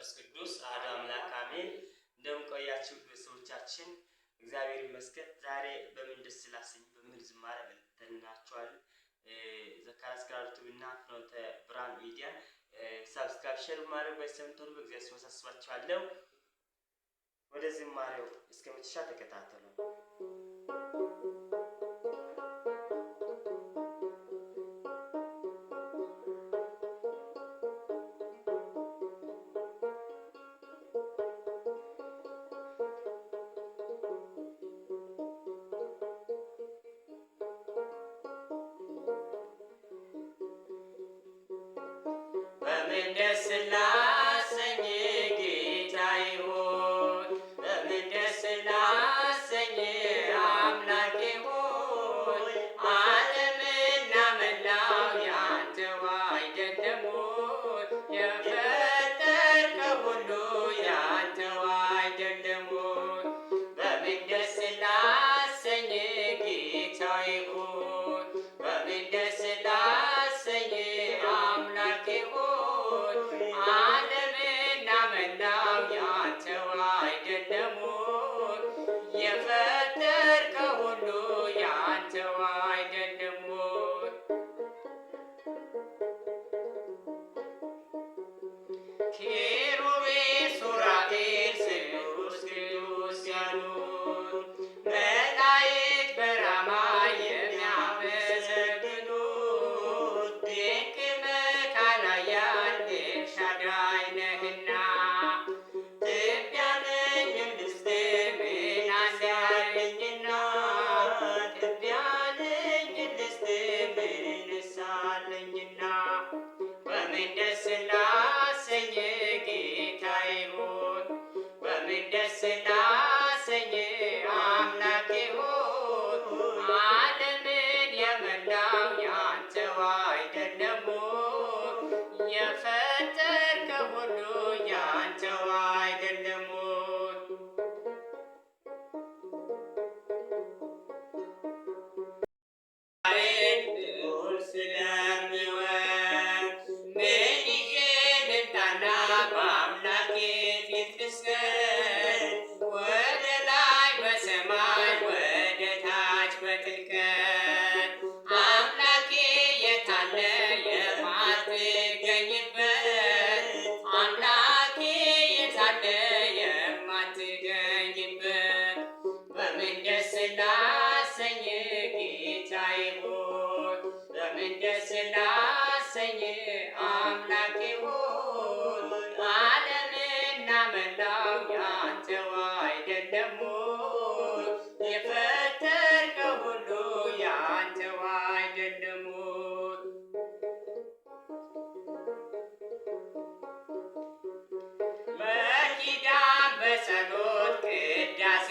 መንፈስ ቅዱስ አሐዱ አምላክ አሜን። እንደምን እንደምንቆያችሁ ቤተሰቦቻችን እግዚአብሔር ይመስገን። ዛሬ በምን ደስ ስላሰኝ በምን ዝማሬ መልክተናችኋል። ዘካርያስ ክራር ዩቱብ እና ፍኖተ ብርሃን ሚዲያ ሳብስክራይብ፣ ሼር ማድረግ ባይሰምተሩ በእግዚአብሔር ስም አሳስባችኋለሁ። ወደ ዝማሬው እስከ መጨረሻ ተከታተሉ። በምን ደስ ላሰኝ ጌታ ሆይ፣ በምን ደስ ላሰኝ አምላኬ ሆይ፣ ዓለምና መላው አይደለም ሁሉ አይደለም በምን ደስ ላሰኝ ጌታ Yeah. አምላኬ ሆይ ዓለምን የመላው ያንተው አይደለም የፈጠርከው ሁሉ ያንተው አይደለም ስለ ደስ ላሰኝ አምላኬ ሆይ ዓለምና መላው ያንተው አይደለም የፈጠርከው ሁሉ ያንተው አይደለም ሆይ በኪዳን በጸሎት ቅዳሴ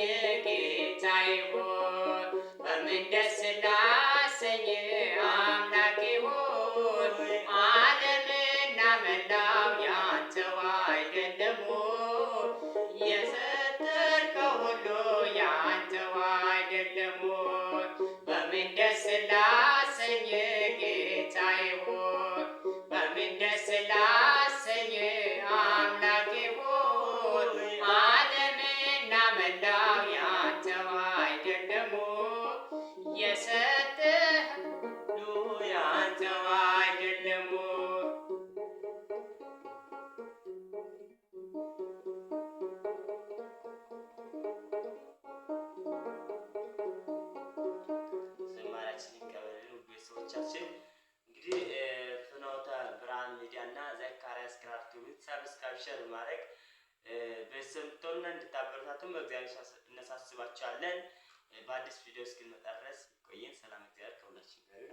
የጌታዬ ሆይ በምን ደስ ላሰኝ አምላኬ ሆይ ዓለምና መላው ያንተው አይደለሙ ደስ ላሰኝ ጌታዬ ሆይ እንድታስገቡኝ ሰብስክራይብ፣ ሸር ማድረግ ቤተሰብ እንድታበረታቱን በእግዚአብሔር እነሳስባችኋለን። በአዲስ ቪዲዮ እስክንመጣ ድረስ ቆየን። ሰላም፣ እግዚአብሔር ከሁላችን ጋር